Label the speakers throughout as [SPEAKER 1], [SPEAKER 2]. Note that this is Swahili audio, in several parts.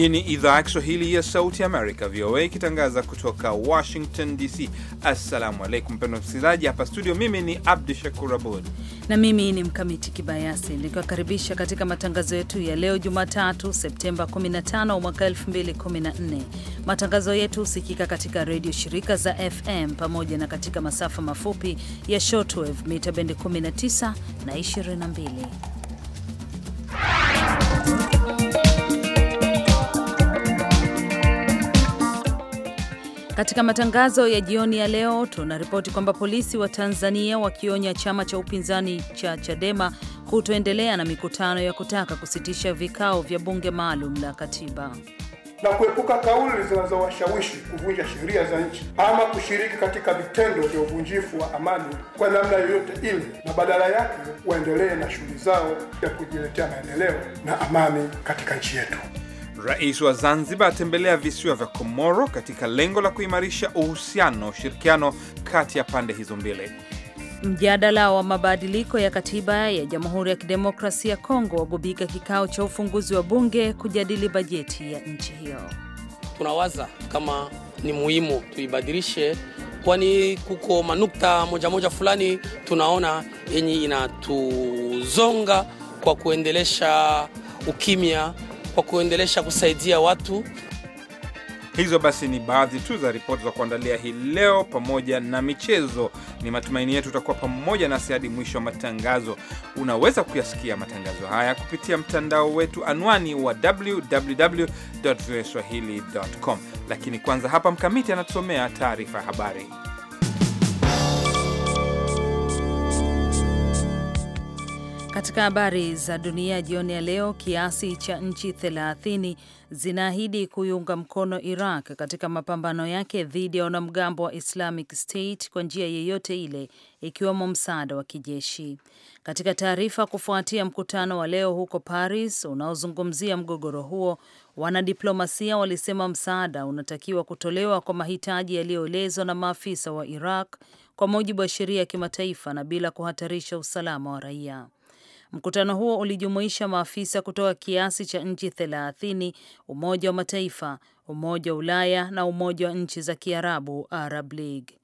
[SPEAKER 1] Hii ni idhaa ya Kiswahili ya Sauti Amerika, VOA, ikitangaza kutoka Washington DC. Assalamu alaikum mpendo msikilizaji, hapa studio. Mimi ni Abdu Shakur Abud
[SPEAKER 2] na mimi ni Mkamiti Kibayasi nikiwakaribisha katika matangazo yetu ya leo Jumatatu, Septemba 15 mwaka 2014. Matangazo yetu husikika katika redio shirika za FM pamoja na katika masafa mafupi ya shortwave mita bendi 19 na 22. Katika matangazo ya jioni ya leo tunaripoti kwamba polisi wa Tanzania wakionya chama cha upinzani cha Chadema kutoendelea na mikutano ya kutaka kusitisha vikao vya bunge maalum la katiba
[SPEAKER 3] na kuepuka kauli zinazowashawishi kuvunja sheria za nchi ama kushiriki katika vitendo vya uvunjifu wa amani kwa namna yoyote ile, na badala yake waendelee na shughuli zao ya kujiletea maendeleo na amani katika nchi yetu.
[SPEAKER 1] Rais wa Zanzibar atembelea visiwa vya Komoro katika lengo la kuimarisha uhusiano na ushirikiano kati ya pande hizo mbili.
[SPEAKER 2] Mjadala wa mabadiliko ya katiba ya Jamhuri ya Kidemokrasia ya Kongo wagubika kikao cha ufunguzi wa bunge kujadili bajeti ya nchi hiyo.
[SPEAKER 4] Tunawaza kama ni muhimu tuibadilishe, kwani kuko manukta moja moja fulani tunaona yenye inatuzonga kwa kuendelesha ukimya kwa kuendelesha kusaidia watu. Hizo basi ni baadhi tu za ripoti za kuandalia hii
[SPEAKER 1] leo, pamoja na michezo. Ni matumaini yetu utakuwa pamoja nasi hadi mwisho wa matangazo. Unaweza kuyasikia matangazo haya kupitia mtandao wetu, anwani wa www.voaswahili.com. Lakini kwanza hapa Mkamiti anatusomea taarifa ya habari.
[SPEAKER 2] Katika habari za dunia jioni ya leo, kiasi cha nchi 30 zinaahidi kuiunga mkono Iraq katika mapambano yake dhidi ya wanamgambo wa Islamic State kwa njia yeyote ile, ikiwemo msaada wa kijeshi. Katika taarifa kufuatia mkutano wa leo huko Paris unaozungumzia mgogoro huo, wanadiplomasia walisema msaada unatakiwa kutolewa kwa mahitaji yaliyoelezwa na maafisa wa Iraq kwa mujibu wa sheria ya kimataifa na bila kuhatarisha usalama wa raia. Mkutano huo ulijumuisha maafisa kutoka kiasi cha nchi thelathini, Umoja wa Mataifa, Umoja wa Ulaya na Umoja wa Nchi za Kiarabu, Arab League.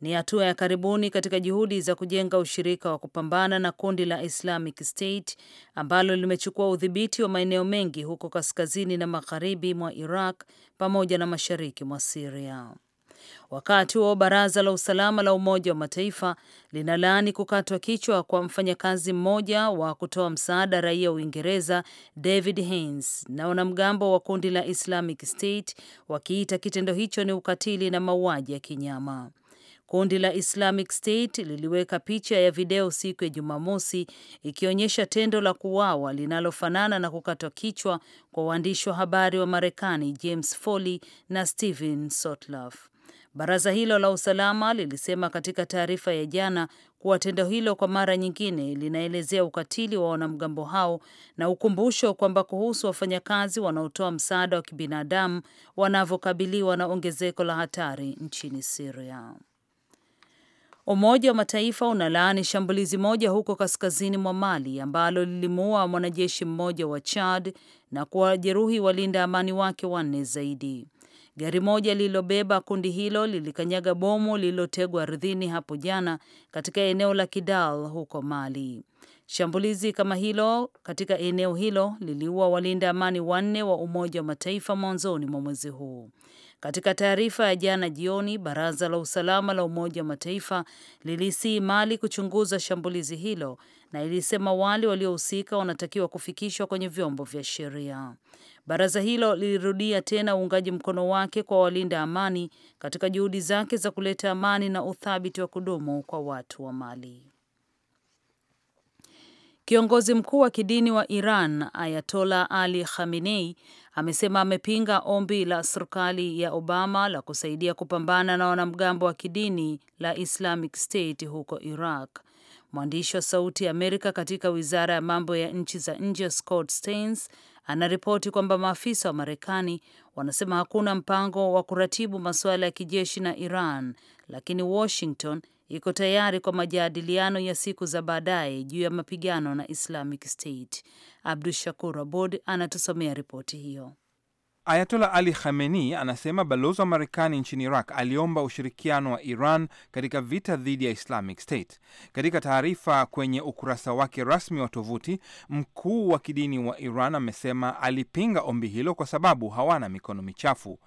[SPEAKER 2] Ni hatua ya karibuni katika juhudi za kujenga ushirika wa kupambana na kundi la Islamic State ambalo limechukua udhibiti wa maeneo mengi huko kaskazini na magharibi mwa Iraq pamoja na mashariki mwa siria Wakati huo baraza la usalama la Umoja wa Mataifa linalaani kukatwa kichwa kwa mfanyakazi mmoja wa kutoa msaada raia wa Uingereza David Haines na wanamgambo wa kundi la Islamic State wakiita kitendo hicho ni ukatili na mauaji ya kinyama. Kundi la Islamic State liliweka picha ya video siku ya Jumamosi ikionyesha tendo la kuuawa linalofanana na kukatwa kichwa kwa waandishi wa habari wa Marekani James Foley na Stephen Sotloff. Baraza hilo la usalama lilisema katika taarifa ya jana kuwa tendo hilo kwa mara nyingine linaelezea ukatili wa wanamgambo hao na ukumbusho kwamba kuhusu wafanyakazi wanaotoa msaada wa kibinadamu wanavyokabiliwa na ongezeko la hatari nchini Syria. Umoja wa Mataifa unalaani shambulizi moja huko kaskazini mwa Mali ambalo lilimuua mwanajeshi mmoja wa Chad na kuwajeruhi walinda amani wake wanne zaidi. Gari moja lililobeba kundi hilo lilikanyaga bomu lililotegwa ardhini hapo jana katika eneo la Kidal huko Mali. Shambulizi kama hilo katika eneo hilo liliua walinda amani wanne wa Umoja wa Mataifa mwanzoni mwa mwezi huu. Katika taarifa ya jana jioni, baraza la usalama la Umoja wa Mataifa lilisii Mali kuchunguza shambulizi hilo na ilisema wale waliohusika wanatakiwa kufikishwa kwenye vyombo vya sheria. Baraza hilo lilirudia tena uungaji mkono wake kwa walinda amani katika juhudi zake za kuleta amani na uthabiti wa kudumu kwa watu wa Mali. Kiongozi mkuu wa kidini wa Iran Ayatola Ali Khamenei amesema amepinga ombi la serikali ya Obama la kusaidia kupambana na wanamgambo wa kidini la Islamic State huko Iraq. Mwandishi wa Sauti ya Amerika katika wizara ya mambo ya nchi za nje Scott Steins anaripoti kwamba maafisa wa Marekani wanasema hakuna mpango wa kuratibu masuala ya kijeshi na Iran, lakini Washington iko tayari kwa majadiliano ya siku za baadaye juu ya mapigano na Islamic State. Abdu Shakur Abud anatusomea ripoti hiyo.
[SPEAKER 1] Ayatola Ali Khamenei anasema balozi wa Marekani nchini Iraq aliomba ushirikiano wa Iran katika vita dhidi ya Islamic State. Katika taarifa kwenye ukurasa wake rasmi wa tovuti, mkuu wa kidini wa Iran amesema alipinga ombi hilo kwa sababu hawana mikono michafu.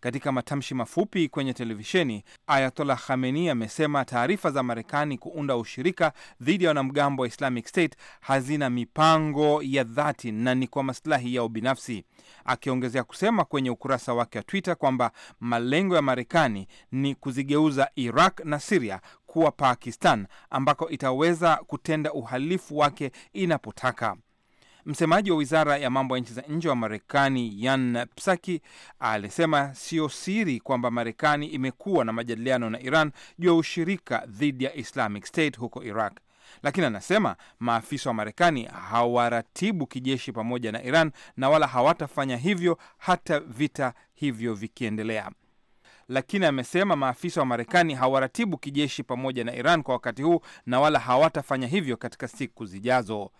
[SPEAKER 1] Katika matamshi mafupi kwenye televisheni, Ayatollah Khamenei amesema taarifa za Marekani kuunda ushirika dhidi ya wanamgambo wa Islamic State hazina mipango ya dhati na ni kwa masilahi yao binafsi, akiongezea kusema kwenye ukurasa wake wa Twitter kwamba malengo ya Marekani ni kuzigeuza Iraq na Siria kuwa Pakistan ambako itaweza kutenda uhalifu wake inapotaka. Msemaji wa wizara ya mambo ya nchi za nje wa Marekani Yan Psaki alisema sio siri kwamba Marekani imekuwa na majadiliano na Iran juu ya ushirika dhidi ya Islamic State huko Iraq, lakini anasema maafisa wa Marekani hawaratibu kijeshi pamoja na Iran na wala hawatafanya hivyo hata vita hivyo vikiendelea. Lakini amesema maafisa wa Marekani hawaratibu kijeshi pamoja na Iran kwa wakati huu na wala hawatafanya hivyo katika siku zijazo.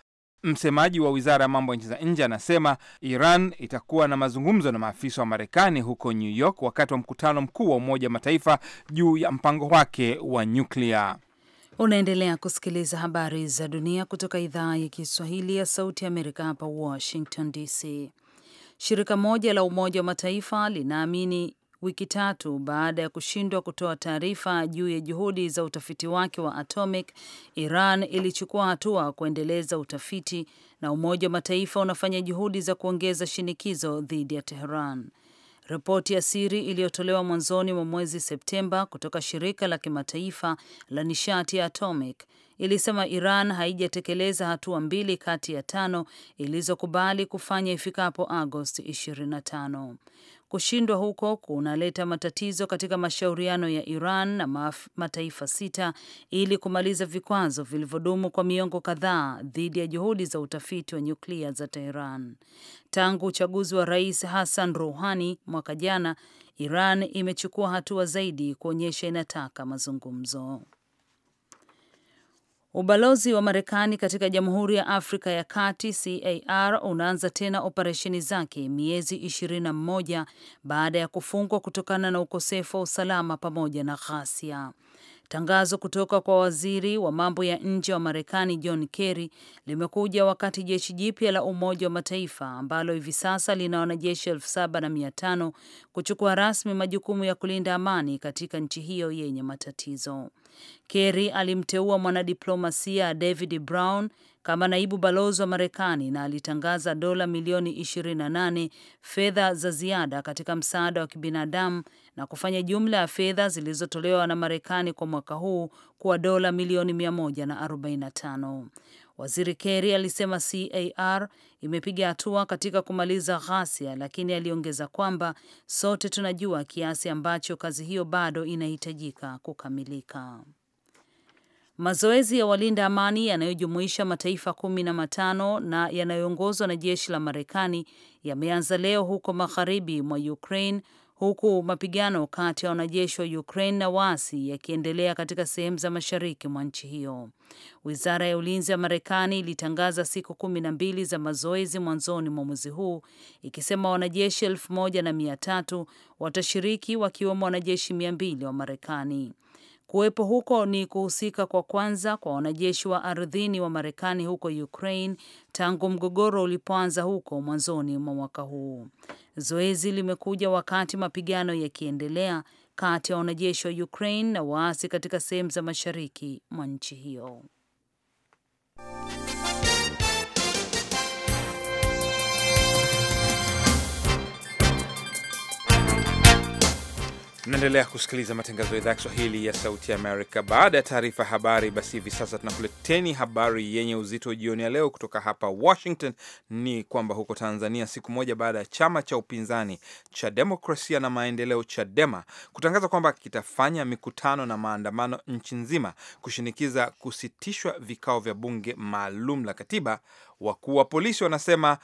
[SPEAKER 1] Msemaji wa wizara ya mambo ya nchi za nje anasema Iran itakuwa na mazungumzo na maafisa wa Marekani huko New York wakati wa mkutano mkuu wa Umoja wa Mataifa juu ya mpango wake wa nyuklia.
[SPEAKER 2] Unaendelea kusikiliza habari za dunia kutoka idhaa ya Kiswahili ya Sauti ya Amerika, hapa Washington DC. Shirika moja la Umoja wa Mataifa linaamini wiki tatu baada ya kushindwa kutoa taarifa juu ya juhudi za utafiti wake wa atomic, Iran ilichukua hatua kuendeleza utafiti na Umoja wa Mataifa unafanya juhudi za kuongeza shinikizo dhidi ya Tehran. Ripoti ya siri iliyotolewa mwanzoni mwa mwezi Septemba kutoka shirika la kimataifa la nishati ya atomic ilisema Iran haijatekeleza hatua mbili kati ya tano ilizokubali kufanya ifikapo Agosti 25. Kushindwa huko kunaleta matatizo katika mashauriano ya Iran na mataifa sita ili kumaliza vikwazo vilivyodumu kwa miongo kadhaa dhidi ya juhudi za utafiti wa nyuklia za Tehran. Tangu uchaguzi wa Rais Hassan Rouhani mwaka jana, Iran imechukua hatua zaidi kuonyesha inataka mazungumzo. Ubalozi wa Marekani katika Jamhuri ya Afrika ya Kati CAR unaanza tena operesheni zake miezi 21 baada ya kufungwa kutokana na ukosefu wa usalama pamoja na ghasia. Tangazo kutoka kwa waziri wa mambo ya nje wa Marekani John Kerry limekuja wakati jeshi jipya la Umoja wa Mataifa ambalo hivi sasa lina wanajeshi elfu saba na mia tano kuchukua rasmi majukumu ya kulinda amani katika nchi hiyo yenye matatizo. Kerry alimteua mwanadiplomasia David Brown kama naibu balozi wa Marekani na alitangaza dola milioni 28 fedha za ziada katika msaada wa kibinadamu na kufanya jumla ya fedha zilizotolewa na Marekani kwa mwaka huu kuwa dola milioni 145. Waziri Kerry alisema CAR imepiga hatua katika kumaliza ghasia, lakini aliongeza kwamba sote tunajua kiasi ambacho kazi hiyo bado inahitajika kukamilika. Mazoezi ya walinda amani yanayojumuisha mataifa kumi na matano na yanayoongozwa na jeshi la Marekani yameanza leo huko magharibi mwa Ukraine huku mapigano kati ya wanajeshi wa Ukraine na waasi yakiendelea katika sehemu za mashariki mwa nchi hiyo. Wizara ya ulinzi ya Marekani ilitangaza siku kumi na mbili za mazoezi mwanzoni mwa mwezi huu ikisema wanajeshi elfu moja na mia tatu watashiriki wakiwemo wanajeshi mia mbili wa Marekani. Kuwepo huko ni kuhusika kwa kwanza kwa wanajeshi wa ardhini wa Marekani huko Ukraine tangu mgogoro ulipoanza huko mwanzoni mwa mwaka huu. Zoezi limekuja wakati mapigano yakiendelea kati ya wanajeshi wa Ukraine na waasi katika sehemu za mashariki mwa nchi hiyo.
[SPEAKER 1] Naendelea kusikiliza matangazo ya idhaa ya Kiswahili ya Sauti ya Amerika. Baada ya taarifa habari, basi hivi sasa tunakuleteni habari yenye uzito jioni ya leo kutoka hapa Washington. Ni kwamba huko Tanzania, siku moja baada ya chama cha upinzani cha Demokrasia na Maendeleo, CHADEMA, kutangaza kwamba kitafanya mikutano na maandamano nchi nzima kushinikiza kusitishwa vikao vya bunge maalum la katiba, wakuu wa polisi wanasema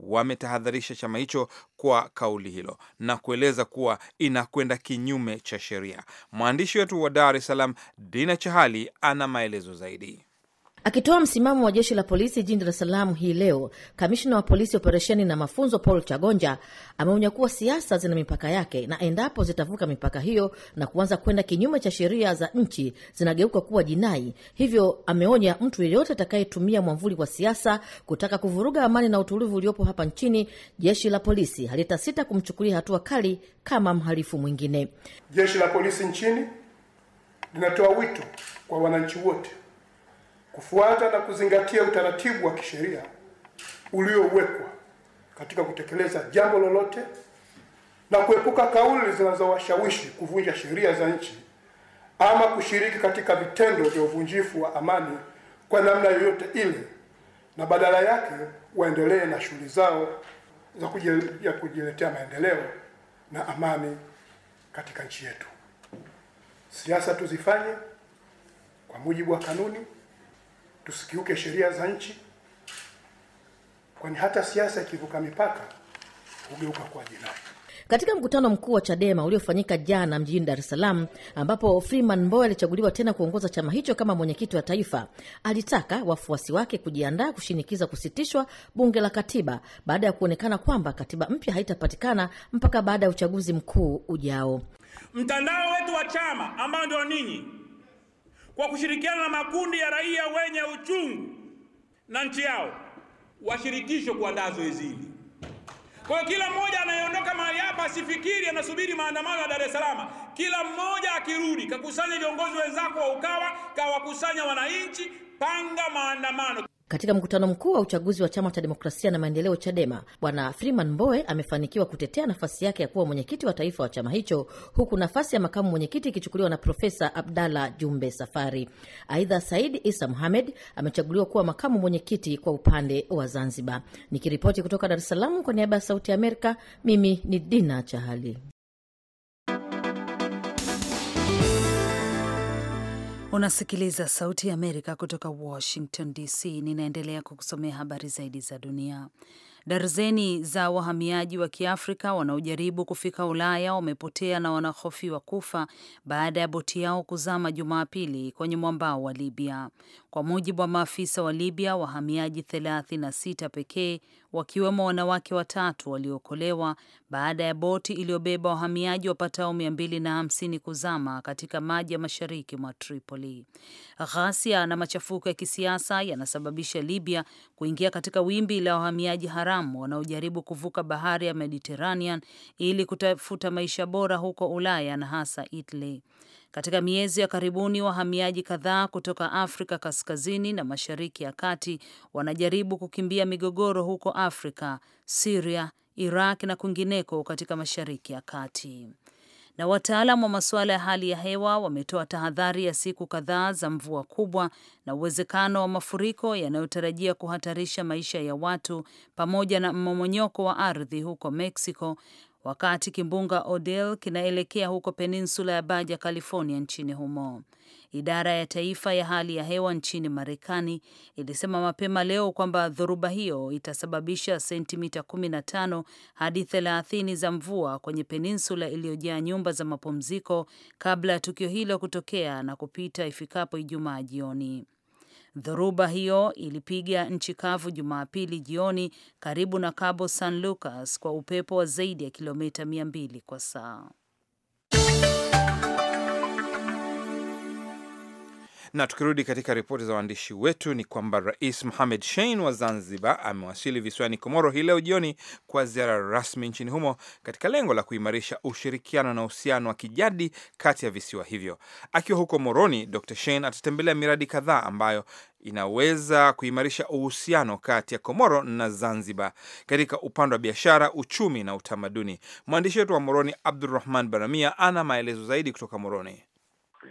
[SPEAKER 1] wametahadharisha chama hicho kwa kauli hilo na kueleza kuwa inakwenda kinyume cha sheria. Mwandishi wetu wa Dar es Salaam, Dina Chahali, ana maelezo zaidi.
[SPEAKER 5] Akitoa msimamo wa jeshi la polisi jijini Dar es Salaam hii leo, kamishna wa polisi operesheni na mafunzo Paul Chagonja ameonya kuwa siasa zina mipaka yake, na endapo zitavuka mipaka hiyo na kuanza kwenda kinyume cha sheria za nchi zinageuka kuwa jinai. Hivyo ameonya mtu yeyote atakayetumia mwamvuli wa siasa kutaka kuvuruga amani na utulivu uliopo hapa nchini, jeshi la polisi halitasita kumchukulia hatua kali kama mhalifu mwingine.
[SPEAKER 3] Jeshi la polisi nchini linatoa wito kwa wananchi wote kufuata na kuzingatia utaratibu wa kisheria uliowekwa katika kutekeleza jambo lolote na kuepuka kauli zinazowashawishi kuvunja sheria za nchi ama kushiriki katika vitendo vya uvunjifu wa amani kwa namna yoyote ile, na badala yake waendelee na shughuli zao za kujiletea maendeleo na amani katika nchi yetu. Siasa tuzifanye kwa mujibu wa kanuni tusikiuke sheria za nchi, kwani hata siasa ikivuka mipaka hugeuka kuwa jinai.
[SPEAKER 5] Katika mkutano mkuu wa Chadema uliofanyika jana mjini Dar es Salaam, ambapo Freeman Mbowe alichaguliwa tena kuongoza chama hicho kama mwenyekiti wa taifa, alitaka wafuasi wake kujiandaa kushinikiza kusitishwa bunge la katiba baada ya kuonekana kwamba katiba mpya haitapatikana mpaka baada ya uchaguzi mkuu ujao.
[SPEAKER 1] Mtandao wetu wa chama ambao ndio ninyi kwa kushirikiana na makundi ya raia wenye uchungu na nchi yao washirikishwe kuandaa zoezi hili. Kwa hiyo kila mmoja anayeondoka mahali hapa asifikiri anasubiri maandamano ya Dar es Salaam. Kila mmoja akirudi, kakusanya viongozi wenzako wa UKAWA, kawakusanya wananchi, panga maandamano.
[SPEAKER 5] Katika mkutano mkuu wa uchaguzi wa chama cha demokrasia na maendeleo CHADEMA, Bwana Freeman Mbowe amefanikiwa kutetea nafasi yake ya kuwa mwenyekiti wa taifa wa chama hicho, huku nafasi ya makamu mwenyekiti ikichukuliwa na Profesa Abdalla Jumbe Safari. Aidha, Said Isa Muhamed amechaguliwa kuwa makamu mwenyekiti kwa upande wa Zanzibar. Nikiripoti kutoka Dar es Salaam kwa niaba ya Sauti ya Amerika, mimi ni Dina Chahali.
[SPEAKER 2] Unasikiliza Sauti ya Amerika kutoka Washington DC. Ninaendelea kukusomea habari zaidi za dunia. Darzeni za wahamiaji wa Kiafrika wanaojaribu kufika Ulaya wamepotea na wanahofiwa kufa baada ya boti yao kuzama Jumapili kwenye mwambao wa Libya. Kwa mujibu wa maafisa wa Libya, wahamiaji 36 pekee wakiwemo wanawake watatu waliokolewa baada ya boti iliyobeba wahamiaji wapatao 250 kuzama katika maji ya mashariki mwa Tripoli. Ghasia na machafuko ya kisiasa yanasababisha Libya kuingia katika wimbi la wahamiaji haramu wanaojaribu kuvuka bahari ya Mediterranean ili kutafuta maisha bora huko Ulaya na hasa Italy. Katika miezi ya karibuni, wahamiaji kadhaa kutoka Afrika Kaskazini na Mashariki ya Kati wanajaribu kukimbia migogoro huko Afrika, Siria, Iraq na kwingineko katika Mashariki ya Kati na wataalam wa masuala ya hali ya hewa wametoa tahadhari ya siku kadhaa za mvua kubwa na uwezekano wa mafuriko yanayotarajia kuhatarisha maisha ya watu pamoja na mmomonyoko wa ardhi huko Mexico wakati kimbunga odel kinaelekea huko peninsula ya Baja California nchini humo. Idara ya taifa ya hali ya hewa nchini Marekani ilisema mapema leo kwamba dhoruba hiyo itasababisha sentimita 15 hadi 30 za mvua kwenye peninsula iliyojaa nyumba za mapumziko kabla ya tukio hilo kutokea na kupita ifikapo Ijumaa jioni. Dhoruba hiyo ilipiga nchi kavu Jumapili jioni karibu na Cabo San Lucas kwa upepo wa zaidi ya kilomita 200 kwa saa.
[SPEAKER 1] Na tukirudi katika ripoti za waandishi wetu ni kwamba Rais Mohamed Shein wa Zanzibar amewasili visiwani Komoro hii leo jioni kwa ziara rasmi nchini humo katika lengo la kuimarisha ushirikiano na uhusiano wa kijadi kati ya visiwa hivyo. Akiwa huko Moroni, Dr Shein atatembelea miradi kadhaa ambayo inaweza kuimarisha uhusiano kati ya Komoro na Zanzibar katika upande wa biashara, uchumi na utamaduni. Mwandishi wetu wa Moroni, Abdurahman Baramia, ana maelezo zaidi kutoka Moroni.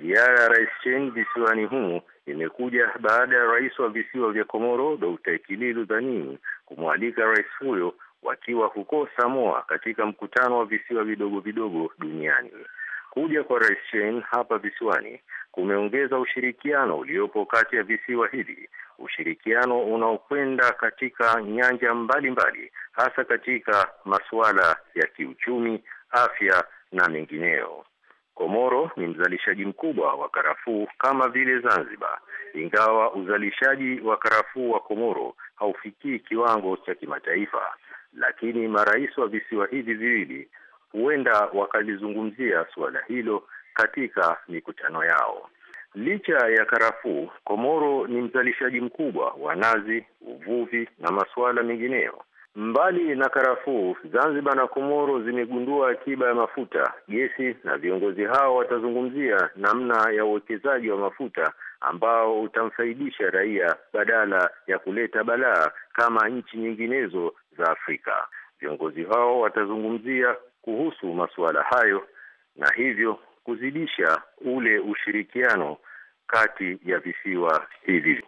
[SPEAKER 6] Ziara ya Rais Cheng visiwani humo imekuja baada ya rais wa visiwa vya Komoro Dr. Ikililu Dhanini kumwalika rais huyo wakiwa huko Samoa katika mkutano wa visiwa vidogo vidogo duniani. Kuja kwa Rais Cheng hapa visiwani kumeongeza ushirikiano uliopo kati ya visiwa hivi, ushirikiano unaokwenda katika nyanja mbalimbali mbali, hasa katika masuala ya kiuchumi, afya na mengineyo. Komoro ni mzalishaji mkubwa wa karafuu kama vile Zanzibar, ingawa uzalishaji wa karafuu wa Komoro haufikii kiwango cha kimataifa, lakini marais wa visiwa hivi viwili huenda wakalizungumzia suala hilo katika mikutano yao. Licha ya karafuu, Komoro ni mzalishaji mkubwa wa nazi, uvuvi na masuala mengineyo. Mbali na karafuu, Zanzibar na Komoro zimegundua akiba ya mafuta, gesi, na viongozi hao watazungumzia namna ya uwekezaji wa mafuta ambao utamfaidisha raia badala ya kuleta balaa kama nchi nyinginezo za Afrika. Viongozi hao watazungumzia kuhusu masuala hayo na hivyo kuzidisha ule ushirikiano kati ya visiwa hivi.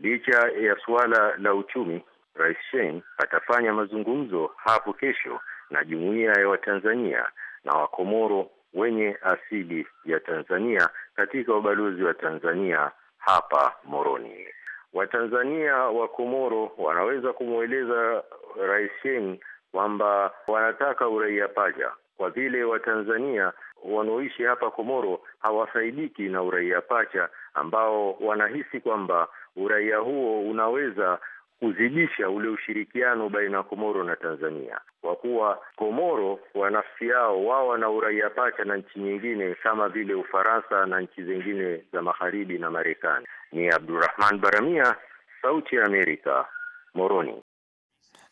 [SPEAKER 6] Licha ya suala la uchumi Rais Shein atafanya mazungumzo hapo kesho na jumuiya ya Watanzania na Wakomoro wenye asili ya Tanzania katika ubalozi wa Tanzania hapa Moroni. Watanzania wa Komoro wanaweza kumweleza Rais Shein kwamba wanataka uraia paja kwa vile Watanzania wanaoishi hapa Komoro hawafaidiki na uraia pacha ambao wanahisi kwamba uraia huo unaweza kuzidisha ule ushirikiano baina ya Komoro na Tanzania, kwa kuwa Komoro kwa nafsi yao wao wana uraia pacha na nchi nyingine kama vile Ufaransa na nchi zingine za magharibi na Marekani. Ni Abdurrahman Baramia, Sauti ya Amerika, Moroni.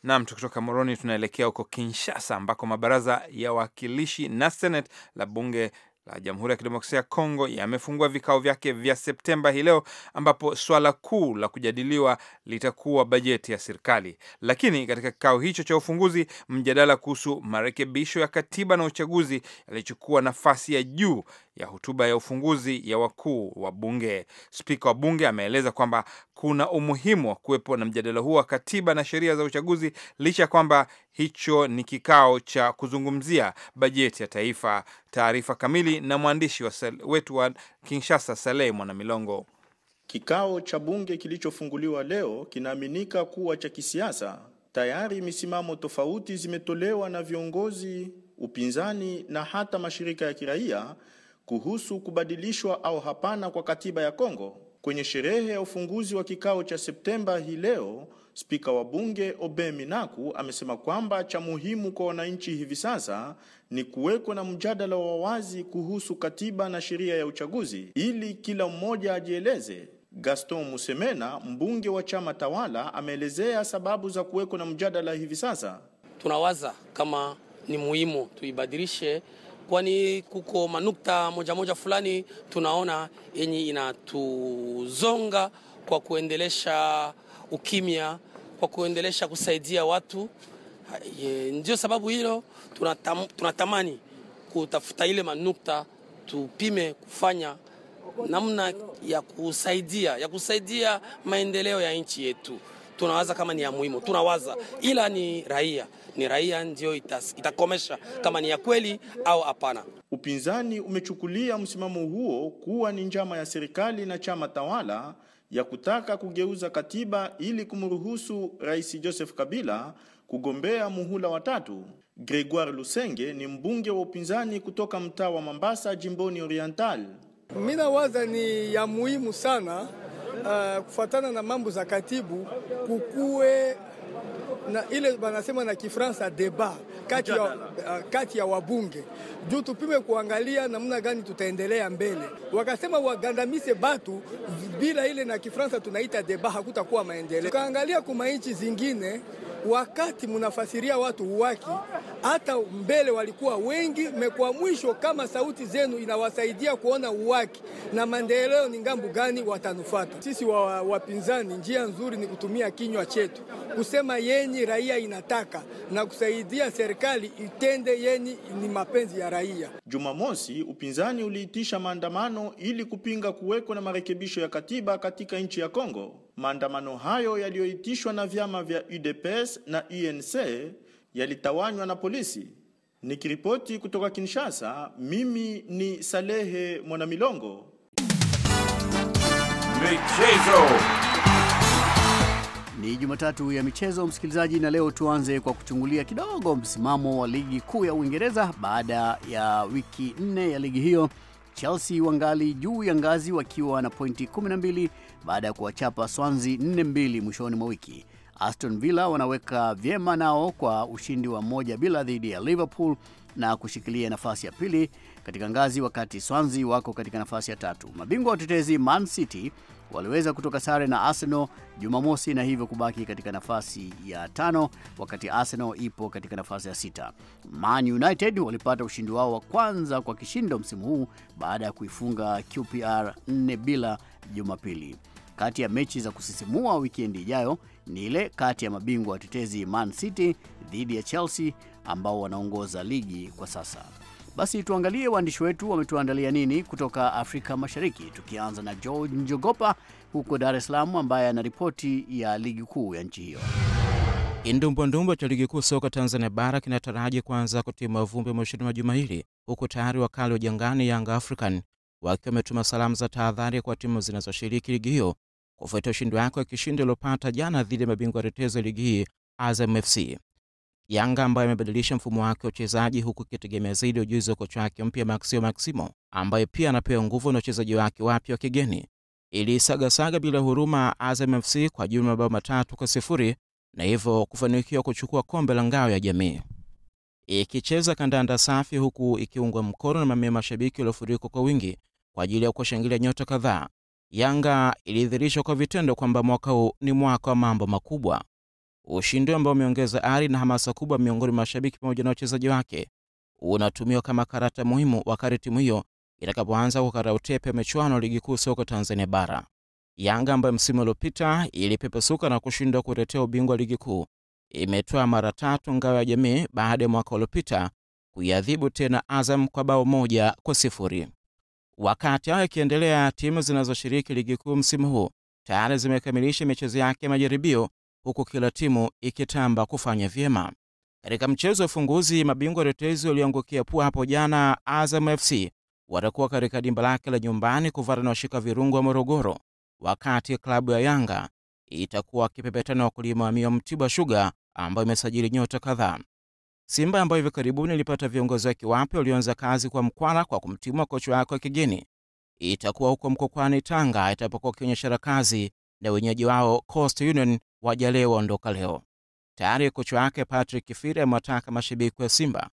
[SPEAKER 1] Nam, tukitoka Moroni tunaelekea huko Kinshasa ambako mabaraza ya wakilishi na seneti la bunge la Jamhuri ya Kidemokrasia ya Kongo yamefungua vikao vyake vya Septemba hii leo, ambapo swala kuu la kujadiliwa litakuwa bajeti ya serikali. Lakini katika kikao hicho cha ufunguzi, mjadala kuhusu marekebisho ya katiba na uchaguzi yalichukua nafasi ya juu ya hotuba ya ufunguzi ya wakuu wa bunge. Spika wa bunge ameeleza kwamba kuna umuhimu wa kuwepo na mjadala huu wa katiba na sheria za uchaguzi licha ya kwamba hicho ni kikao cha kuzungumzia bajeti ya taifa. Taarifa kamili na mwandishi wa wetu wa
[SPEAKER 7] Kinshasa, Saleh Mwanamilongo. Kikao cha bunge kilichofunguliwa leo kinaaminika kuwa cha kisiasa. Tayari misimamo tofauti zimetolewa na viongozi upinzani na hata mashirika ya kiraia kuhusu kubadilishwa au hapana kwa katiba ya Kongo. Kwenye sherehe ya ufunguzi wa kikao cha Septemba hii leo, spika wa bunge Obe Minaku amesema kwamba cha muhimu kwa wananchi hivi sasa ni kuwekwa na mjadala wa wazi kuhusu katiba na sheria ya uchaguzi ili kila mmoja ajieleze. Gaston Musemena, mbunge wa chama tawala, ameelezea sababu za kuwekwa na mjadala hivi sasa.
[SPEAKER 4] Tunawaza kama ni muhimu tuibadilishe kwani kuko manukta moja moja fulani tunaona yenye inatuzonga kwa kuendelesha ukimya, kwa kuendelesha kusaidia watu. Ndio sababu hilo tunatam, tunatamani kutafuta ile manukta tupime kufanya namna ya kusaidia ya kusaidia maendeleo ya nchi yetu. Tunawaza kama ni ya muhimu, tunawaza ila ni raia ni raia ndio itakomesha kama ni ya kweli au hapana.
[SPEAKER 7] Upinzani umechukulia msimamo huo kuwa ni njama ya serikali na chama tawala ya kutaka kugeuza katiba ili kumruhusu Rais Joseph Kabila kugombea muhula watatu. Gregoire Lusenge ni mbunge wa upinzani kutoka mtaa wa Mambasa jimboni Oriental. Mimi nawaza ni ya muhimu sana uh, kufuatana na mambo za katibu
[SPEAKER 3] kukuwe na ile banasema na kifransa debat kati ya, eh, kati ya wabunge juu tupime kuangalia namna gani tutaendelea mbele. Wakasema wagandamise batu bila ile na kifransa tunaita debat hakutakuwa maendeleo. Ukaangalia kuma nchi zingine wakati munafasiria watu uwaki hata mbele walikuwa wengi mekwa mwisho, kama sauti zenu inawasaidia kuona uwaki na maendeleo ni ngambu gani watanufata. Sisi wapinzani njia nzuri ni kutumia
[SPEAKER 7] kinywa chetu kusema yenyi raia inataka na kusaidia serikali itende yenyi ni mapenzi ya raia. Jumamosi upinzani uliitisha maandamano ili kupinga kuwekwa na marekebisho ya katiba katika nchi ya Kongo. Maandamano hayo yaliyoitishwa na vyama vya UDPS na UNC yalitawanywa na polisi. Nikiripoti kutoka Kinshasa, mimi ni Salehe Mwanamilongo.
[SPEAKER 8] Michezo ni Jumatatu ya michezo, msikilizaji, na leo tuanze kwa kuchungulia kidogo msimamo wa ligi kuu ya Uingereza baada ya wiki nne ya ligi hiyo. Chelsea wangali juu ya ngazi wakiwa na pointi baada ya kuwachapa swanzi 4-2 mwishoni mwa wiki. Aston Villa wanaweka vyema nao kwa ushindi wa moja bila dhidi ya Liverpool na kushikilia nafasi ya pili katika ngazi, wakati swanzi wako katika nafasi ya tatu. Mabingwa watetezi Man City waliweza kutoka sare na Arsenal Jumamosi na hivyo kubaki katika nafasi ya tano, wakati Arsenal ipo katika nafasi ya sita. Man United walipata ushindi wao wa kwanza kwa kishindo msimu huu baada ya kuifunga QPR 4 bila Jumapili. Kati ya mechi za kusisimua wikendi ijayo ni ile kati ya mabingwa watetezi Man City dhidi ya Chelsea ambao wanaongoza ligi kwa sasa. Basi tuangalie waandishi wetu wametuandalia nini kutoka Afrika Mashariki, tukianza na George Njogopa huko Dar es Salaam, ambaye ana ripoti ya ligi kuu ya nchi hiyo.
[SPEAKER 9] Kindumbwandumbwa cha ligi kuu soka Tanzania bara kinataraji kuanza kutima vumbi mwishoni mwa juma hili, huku tayari wakali wa jangani Yanga African wakiwa wametuma salamu za tahadhari kwa timu zinazoshiriki ligi hiyo kufuatia ushindi wake wa kishindo uliopata jana dhidi ya mabingwa tetezi ya ligi hii Azam FC. Yanga ambayo imebadilisha mfumo wake wa uchezaji huku ikitegemea zaidi ujuzi wa kocha wake mpya Maxio Maximo ambaye pia anapewa nguvu na wachezaji wake wapya wa kigeni, iliisagasaga bila huruma Azam FC kwa jumla mabao matatu kwa sifuri na hivyo kufanikiwa kuchukua kombe la ngao ya jamii. Ikicheza kandanda safi huku ikiungwa mkono na mamia mashabiki waliofurika kwa wingi kwa ajili ya kuwashangilia nyota kadhaa Yanga ilidhihirishwa kwa vitendo kwamba mwaka huu ni mwaka wa mambo makubwa, ushindi ambao umeongeza ari na hamasa kubwa miongoni mwa mashabiki pamoja na wachezaji wake unatumiwa kama karata muhimu wakati timu hiyo itakapoanza kukata utepe wa michuano ya ligi kuu soka Tanzania Bara. Yanga ambayo msimu uliopita ilipepesuka na kushindwa kutetea ubingwa wa ligi kuu imetoa mara tatu ngao ya jamii baada ya mwaka uliopita kuiadhibu tena Azam kwa bao moja kwa sifuri. Wakati hayo ikiendelea, timu zinazoshiriki ligi kuu msimu huu tayari zimekamilisha michezo yake ya majaribio huku kila timu ikitamba kufanya vyema. Katika mchezo wa ufunguzi, mabingwa tetezi walioangukia pua hapo jana, Azam FC watakuwa katika dimba lake la nyumbani kuvara na washika virungu wa Morogoro, wakati klabu ya Yanga itakuwa wakipepetana wakulima wa mio Mtibwa Sugar ambayo imesajili nyota kadhaa. Simba ambayo hivi karibuni ilipata viongozi wake wapya walioanza kazi kwa mkwara kwa kumtimua kocha wake wa kigeni itakuwa huko Mkokwani, Tanga, itapokuwa ikionyeshana kazi na wenyeji wao Coast Union wajalee leo waondoka leo. Tayari kocha wake Patrick Kifire amewataka mashabiki wa Simba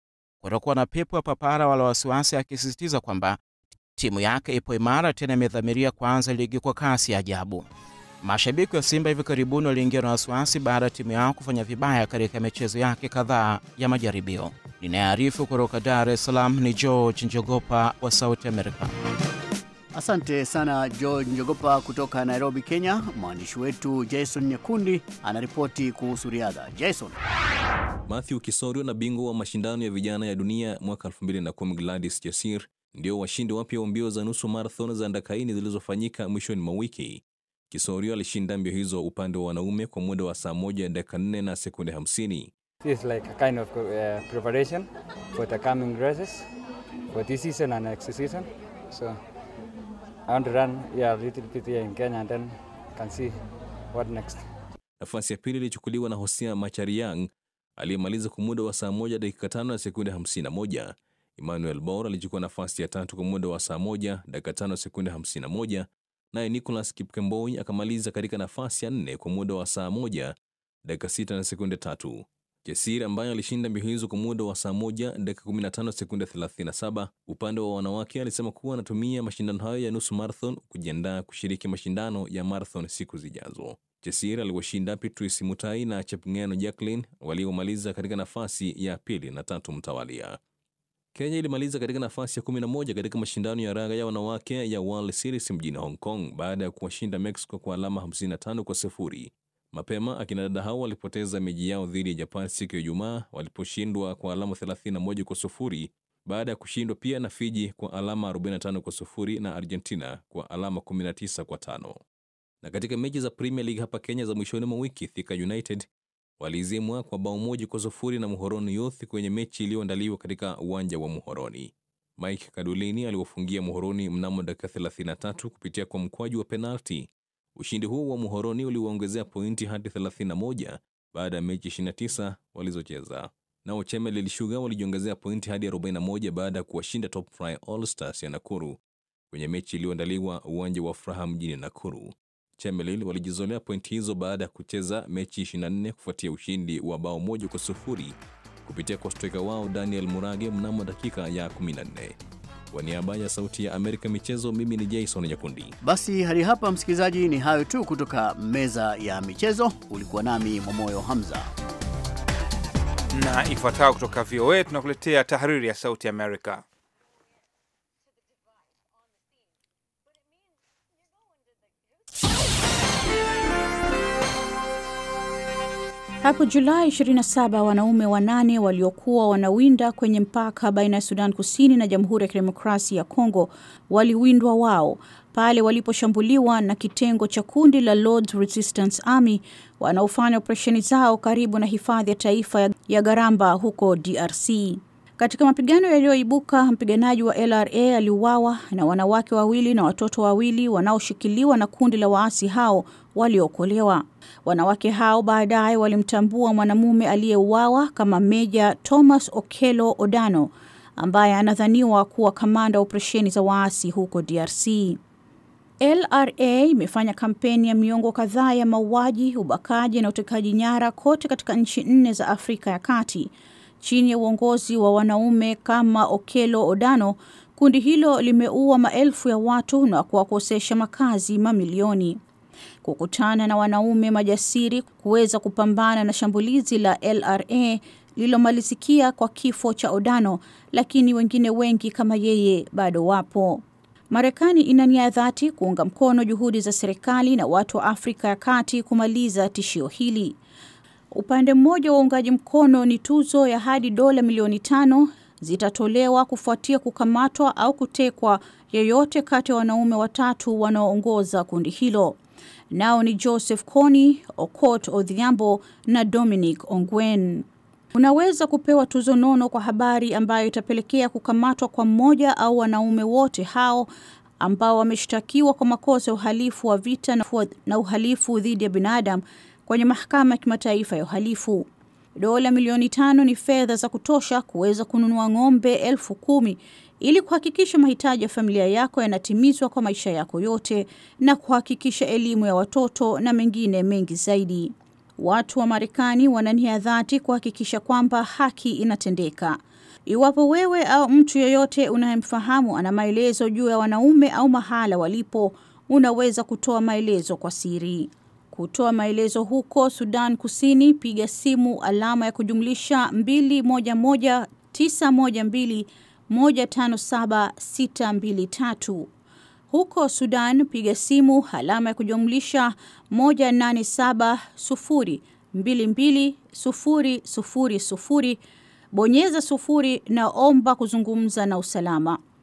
[SPEAKER 9] kutokuwa na pepo ya papara wala wasiwasi, akisisitiza kwamba timu yake ipo imara tena imedhamiria kuanza ligi kwa kasi ya ajabu. Mashabiki wa Simba hivi karibuni waliingia na wasiwasi baada ya timu yao kufanya vibaya katika michezo yake kadhaa ya majaribio. Ninayearifu kutoka Dar es Salaam ni George Njogopa wa Sauti Amerika.
[SPEAKER 8] Asante sana George Njogopa kutoka Nairobi, Kenya. Mwandishi wetu Jason Nyekundi anaripoti kuhusu riadha. Jason.
[SPEAKER 10] Matthew Kisorio na bingwa wa mashindano ya vijana ya dunia mwaka 2010 Gladys Jasir ndio washindi wapya wa mbio za nusu marathon za Ndakaini zilizofanyika mwishoni mwa wiki. Kisorio alishinda mbio hizo upande wa wanaume kwa muda wa saa moja dakika nne na sekunde hamsini.
[SPEAKER 1] It's like a kind of uh, preparation for the coming races for this season and next season. So I want to run yeah, a little bit here in Kenya and then can see what next.
[SPEAKER 10] Nafasi ya pili ilichukuliwa na Hosia Machariang aliyemaliza kwa muda wa saa moja dakika tano na sekunde moja. Emmanuel Bor alichukua nafasi ya tatu kwa muda wa saa moja dakika 5 sekunde moja naye Nicolas Kipkemboi akamaliza katika nafasi ya nne kwa muda wa saa moja dakika sita na sekunde tatu. jesir ambaye alishinda mbio hizo kwa muda wa saa moja dakika 15 sekunde 37, upande wa wanawake alisema kuwa anatumia mashindano hayo ya nusu marathon kujiandaa kushiriki mashindano ya marathon siku zijazo. jesir aliwashinda Patrice Mutai na Chepngeno Jacqueline waliomaliza katika nafasi ya pili na tatu mtawalia. Kenya ilimaliza katika nafasi ya 11 katika mashindano ya raga ya wanawake ya World Series mjini Hong Kong baada ya kuwashinda Mexico kwa alama 55 kwa sifuri. Mapema akina dada hao walipoteza meji yao dhidi ya Japan siku ya Ijumaa waliposhindwa kwa alama 31 kwa sufuri baada ya kushindwa pia na Fiji kwa alama 45 kwa sufuri na Argentina kwa alama 19 kwa tano. Na katika mechi za Premier League hapa Kenya za mwishoni mwa wiki, Thika United walizimwa kwa bao moja kwa sufuri na Muhoroni Youth kwenye mechi iliyoandaliwa katika uwanja wa Muhoroni. Mike Kadulini aliwafungia Muhoroni mnamo dakika 33 kupitia kwa mkwaju wa penalti. Ushindi huo wa Muhoroni uliwaongezea pointi hadi 31 baada ya mechi 29 walizocheza. Nao Chemel Ilishuga walijiongezea pointi hadi 41 baada ya kuwashinda Top Fry All Stars ya Nakuru kwenye mechi iliyoandaliwa uwanja wa Furaha mjini Nakuru. Chemelil walijizolea pointi hizo baada ya kucheza mechi 24 kufuatia ushindi wa bao moja kwa sufuri kupitia kwa striker wao Daniel Murage mnamo dakika ya 14. Kwa niaba ya Sauti ya Amerika michezo, mimi ni
[SPEAKER 1] Jason Nyakundi.
[SPEAKER 8] Basi hadi hapa, msikilizaji, ni hayo tu kutoka meza ya michezo. Ulikuwa nami Momoyo Hamza
[SPEAKER 1] na ifuatayo kutoka VOA tunakuletea tahariri ya Sauti Amerika.
[SPEAKER 11] Hapo Julai 27 wanaume wanane waliokuwa wanawinda kwenye mpaka baina ya Sudan Kusini na Jamhuri ya Kidemokrasia ya Kongo waliwindwa wao pale waliposhambuliwa na kitengo cha kundi la Lord's Resistance Army wanaofanya operesheni zao karibu na hifadhi ya taifa ya Garamba huko DRC. Katika mapigano yaliyoibuka, mpiganaji wa LRA aliuawa na wanawake wawili na watoto wawili wanaoshikiliwa na kundi la waasi hao waliookolewa. Wanawake hao baadaye walimtambua mwanamume aliyeuawa kama Meja Thomas Okelo Odano ambaye anadhaniwa kuwa kamanda operesheni za waasi huko DRC. LRA imefanya kampeni ya miongo kadhaa ya mauaji, ubakaji na utekaji nyara kote katika nchi nne za Afrika ya Kati chini ya uongozi wa wanaume kama Okelo Odano, kundi hilo limeua maelfu ya watu na kuwakosesha makazi mamilioni. Kukutana na wanaume majasiri kuweza kupambana na shambulizi la LRA lililomalizikia kwa kifo cha Odano, lakini wengine wengi kama yeye bado wapo. Marekani ina nia ya dhati kuunga mkono juhudi za serikali na watu wa Afrika ya Kati kumaliza tishio hili. Upande mmoja wa uungaji mkono ni tuzo ya hadi dola milioni tano zitatolewa kufuatia kukamatwa au kutekwa yeyote kati ya wanaume watatu wanaoongoza kundi hilo. Nao ni Joseph Kony, Okot Odhiambo na Dominic Ongwen. Unaweza kupewa tuzo nono kwa habari ambayo itapelekea kukamatwa kwa mmoja au wanaume wote hao ambao wameshtakiwa kwa makosa ya uhalifu wa vita na uhalifu dhidi ya binadamu kwenye mahakama ya kimataifa ya uhalifu. Dola milioni tano ni fedha za kutosha kuweza kununua ng'ombe elfu kumi ili kuhakikisha mahitaji ya familia yako yanatimizwa kwa maisha yako yote na kuhakikisha elimu ya watoto na mengine mengi zaidi. Watu wa Marekani wana nia dhati kuhakikisha kwamba haki inatendeka. Iwapo wewe au mtu yeyote unayemfahamu ana maelezo juu ya wanaume au mahala walipo, unaweza kutoa maelezo kwa siri kutoa maelezo huko Sudan Kusini, piga simu alama ya kujumlisha 211912157623. Huko Sudan piga simu alama ya kujumlisha 187 22 bonyeza sufuri na omba kuzungumza na usalama.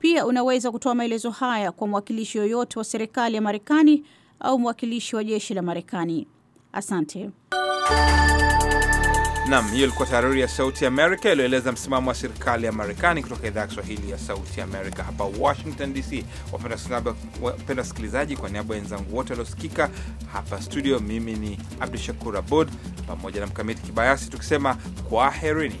[SPEAKER 11] Pia unaweza kutoa maelezo haya kwa mwakilishi yoyote wa serikali ya Marekani au mwakilishi wa jeshi la Marekani. Asante.
[SPEAKER 1] Nam, hiyo ilikuwa tahariri ya Sauti Amerika iliyoeleza msimamo wa serikali ya Marekani kutoka idhaa ya Kiswahili ya Sauti Amerika hapa Washington DC. Wapenda wasikilizaji, kwa niaba ya wenzangu wote waliosikika hapa studio, mimi ni Abdu Shakur Abud pamoja na Mkamiti Kibayasi tukisema kwaherini.